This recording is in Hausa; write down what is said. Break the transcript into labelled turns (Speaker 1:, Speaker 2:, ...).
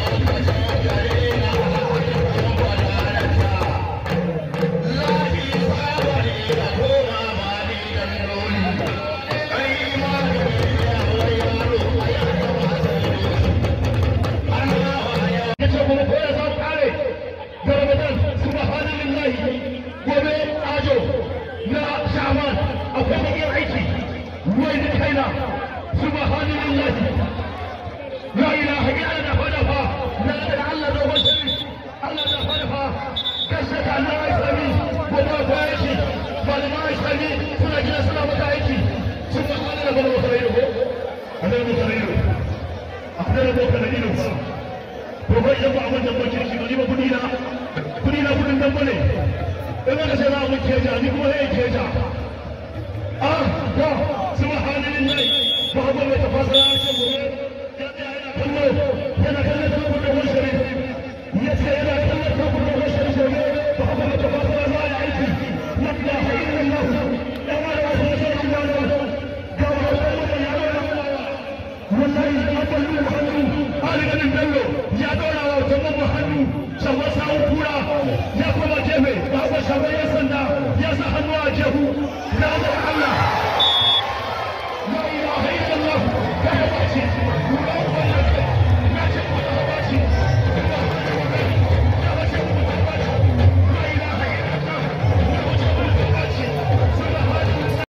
Speaker 1: akwai bakin aiki wai da kaina subhanallahi akwai rabo kana irin sa to kai idan ba abin da ba kirki ba ni ba kudi na kudi na kudin dan bane in aka ce za a mun keja ni kuma zai keja ah to kai akwai mu hannu alƙalin bello ya ɗora wa jama'a mu hannu shabba sa'u kura ya kuma jefe ba kwa shabba ya sanda ya sa hannu a jehu